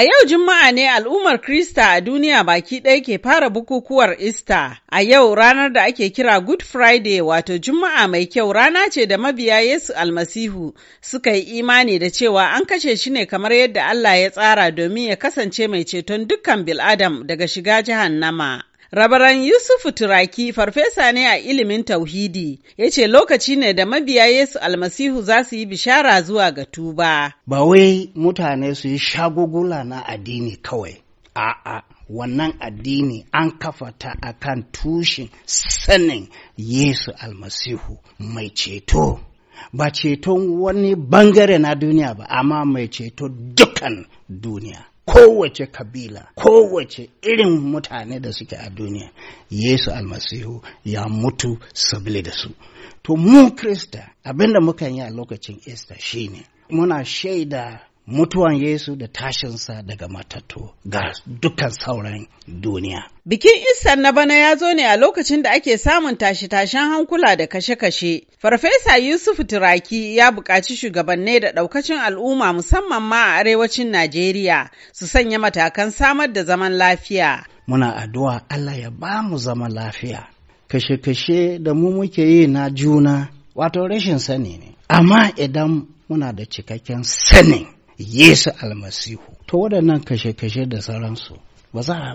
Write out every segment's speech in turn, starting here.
A yau Juma'a ne al'ummar Krista a duniya baki ɗaya ke fara bukukuwar Ista. A yau ranar da ake kira Good Friday wato Juma'a mai kyau rana ce da mabiya Yesu almasihu suka yi imani da cewa an kashe shi ne kamar yadda Allah ya tsara domin ya kasance mai ceton dukkan bil'adam daga shiga nama Rabaran Yusuf Turaki farfesa ne a ilimin tauhidi ya ce lokaci ne da mabiya Yesu almasihu za su yi bishara zuwa ga tuba. Ba wai mutane su yi shagugula na addini kawai, a'a wannan addini an kafa ta a kan tushen sanin Yesu almasihu mai ceto. Ba ceton wani bangare na duniya ba, amma mai ceto dukan duniya. kowace kabila kowace irin mutane da suke a duniya yesu almasihu ya mutu sabili da su to mu krista abinda muka yi a lokacin esta shine muna shaida mutuwan Yesu da tashinsa daga matattu ga dukkan sauran duniya. Bikin Isar na bana ya zo ne a lokacin da ake samun tashe-tashen hankula da kashe-kashe Farfesa Yusuf Turaki ya buƙaci shugabannai da ɗaukacin al'umma musamman ma a arewacin Najeriya su sanya matakan samar da zaman lafiya. Muna addu'a Allah ya ba mu zama lafiya. Kashe-kashe da mu muke yi na juna wato rashin sani ne. Amma idan muna da cikakken sanin Yesu almasihu, to waɗannan kashe-kashe da sauransu ba za a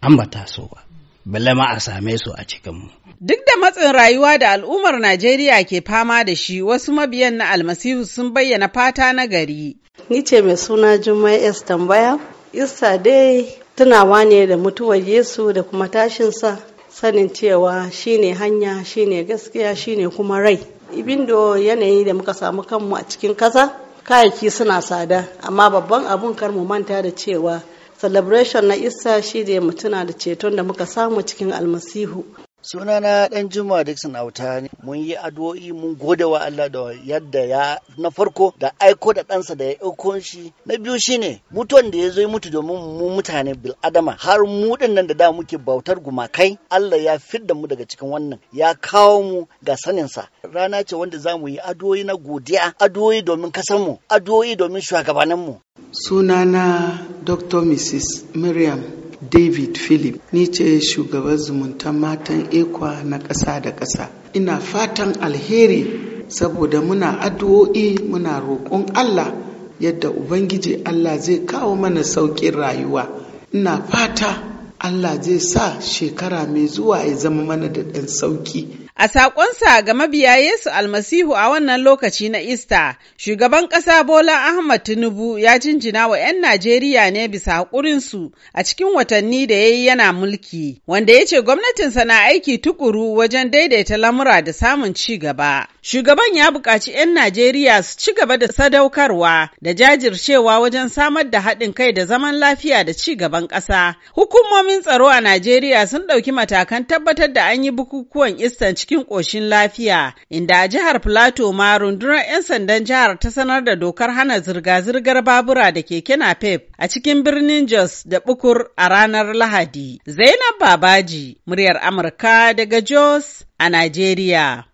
ambata su ba. balama a same su a cikinmu. Duk da matsin rayuwa da al'ummar Najeriya ke fama da shi wasu mabiyan na almasihu sun bayyana fata na gari. Ni ce mai suna Jummai S tambaya, Ista dai tunawa ne da mutuwar Yesu da kuma tashinsa sanin cewa shine hanya shine gaskiya shine kuma rai. Ibindo yanayi da muka samu kanmu a cikin kasa, kayaki suna tsada amma babban abun kar mu manta da cewa celebration na isa shi da ya mutuna da ceton da muka samu cikin almasihu sunana dan juma dixon auta ne mun yi addu'o'i mun gode wa Allah da yadda ya na farko da aiko da ɗansa da ya aiko shi na biyu shine mutuwan da ya zo mutu domin mu mutane bil adama har mu din nan da da muke bautar gumakai Allah ya da mu daga cikin wannan ya kawo mu ga sanin sa rana ce wanda za mu yi addu'o'i na godiya addu'o'i domin kasanmu, mu addu'o'i domin shugabannin sunana dr mrs miriam david philip ni ce shugaban zumuntan matan ekwa na ƙasa da ƙasa ina fatan alheri saboda muna addu'o'i muna roƙon allah yadda ubangiji allah zai kawo mana sauƙin rayuwa ina fata Allah zai sa shekara mai zuwa ya zama mana da ɗan sauki. A saƙonsa ga mabiya Yesu almasihu a wannan lokaci na Ista, shugaban ƙasa Bola Ahmad Tinubu ya jinjina wa 'yan Najeriya ne bisa haƙurinsu a cikin watanni da ya yi yana mulki, wanda ya ce gwamnatinsa na aiki tukuru wajen daidaita lamura da samun ci gaba. Shugaban ya buƙaci 'yan Najeriya su ci gaba da sadaukarwa da jajircewa wajen samar da haɗin kai da zaman lafiya da ci gaban ƙasa. Hukumomi Hukumomin tsaro a Najeriya sun ɗauki matakan tabbatar da an yi bukukuwan Istan cikin ƙoshin lafiya, inda a jihar Filato ma rundunar 'yan sandan jihar ta sanar da dokar hana zirga-zirgar babura da keke napep a cikin birnin Jos da Bukur a ranar Lahadi. Zainab Babaji, muryar Amurka daga Jos a Najeriya.